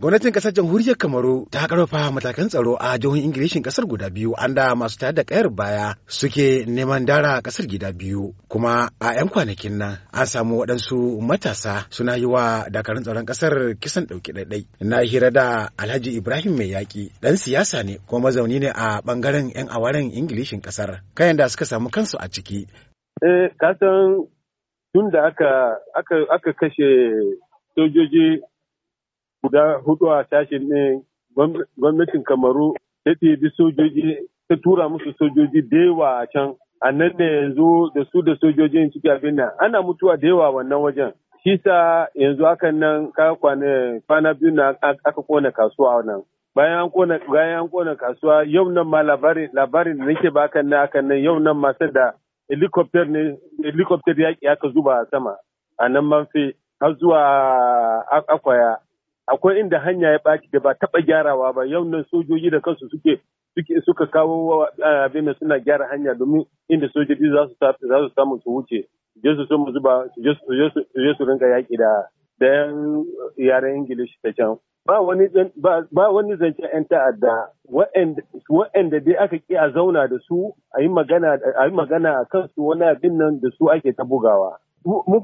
Gwamnatin kasar jamhuriyar Kamaru ta karfafa matakan tsaro a jihohin Ingilishin ƙasar guda biyu an da masu tayar da kayar baya suke neman dara kasar gida biyu kuma a 'yan kwanakin nan an samu waɗansu matasa suna yi wa dakarun tsaron ƙasar kisan ɗauki ɗaiɗai. Na hira da Alhaji Ibrahim mai yaƙi ɗan siyasa ne kuma mazauni ne a ɓangaren 'yan awaren Ingilishin ƙasar, kayan da suka samu kansu a ciki. Eh, kasan tun da aka kashe sojoji guda hudu a sashen ɗin gwamnatin kamaru ta ɗebi sojoji ta tura musu sojoji da yawa a can a nan da yanzu da su da sojojin ciki abin nan ana mutuwa da yawa wannan wajen shi sa yanzu hakan nan kwana biyu na aka kona kasuwa nan bayan kona bayan an kona kasuwa yau nan ma labarin labarin da nake ba nan hakan nan yau nan ma sai da helicopter ne helicopter yaki aka zuba a sama a nan manfi har zuwa akwaya akwai inda hanya ya baki da ba taɓa gyarawa ba yau nan sojoji da kansu suke suka kawo eh, abin suna gyara hanya domin inda sojoji za su samu su wuce je su sun zuba su je su rinka yaƙi da da yaren ingilishi ta can ba wani ba wani zancen yan ta'adda wa'anda dai aka ki a zauna da su a yi magana a yi magana kansu wani abin nan da su ake ta bugawa mu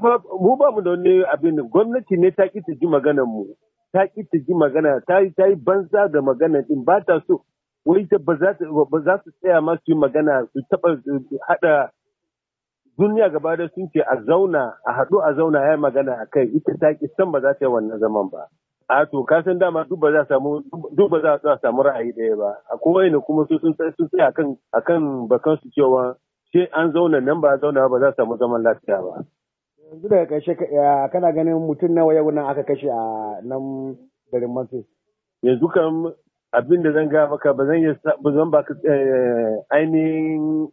ba mu da wani abin gwamnati ne ta ki ta ji maganar mu ta ki ta ji magana ta yi ta yi banza da magana din ba ta so wai ta ba za su tsaya ma su yi magana su taba hada duniya gaba da sun ce a zauna a haɗu a zauna ya magana a kai ita ta ki san ba za ta yi wannan zaman ba a to ka san dama duk ba za samu a samu ra'ayi daya ba a kowai ne kuma sun sun tsaya akan akan bakan su cewa sai an zauna nan ba a zauna ba za a samu zaman lafiya ba yanzu daga ƙarshe kana ganin mutum nawa yau nan aka kashe a nan garin mafi yanzu kam abin da zan ga maka ba zan ba zan ba eh, ainihin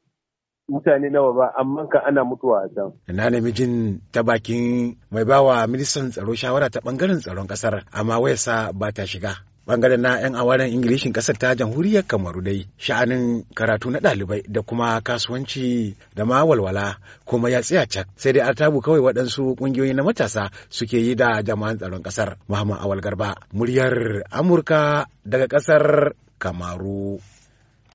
mutane nawa ba amma ka ana mutuwa a can. Na nemi jin ta bakin mai bawa ministan tsaro shawara ta bangaren tsaron ƙasar, amma wayasa ba ta shiga. bangaren na 'yan awaren ingilishin kasar ta jamhuriyar kamaru dai sha'anin karatu na ɗalibai da kuma kasuwanci da ma walwala kuma ya tsaya cak sai dai artabu kawai waɗansu ƙungiyoyi na matasa suke yi da jama'an tsaron ƙasar muhammad awal garba muryar amurka daga ƙasar kamaru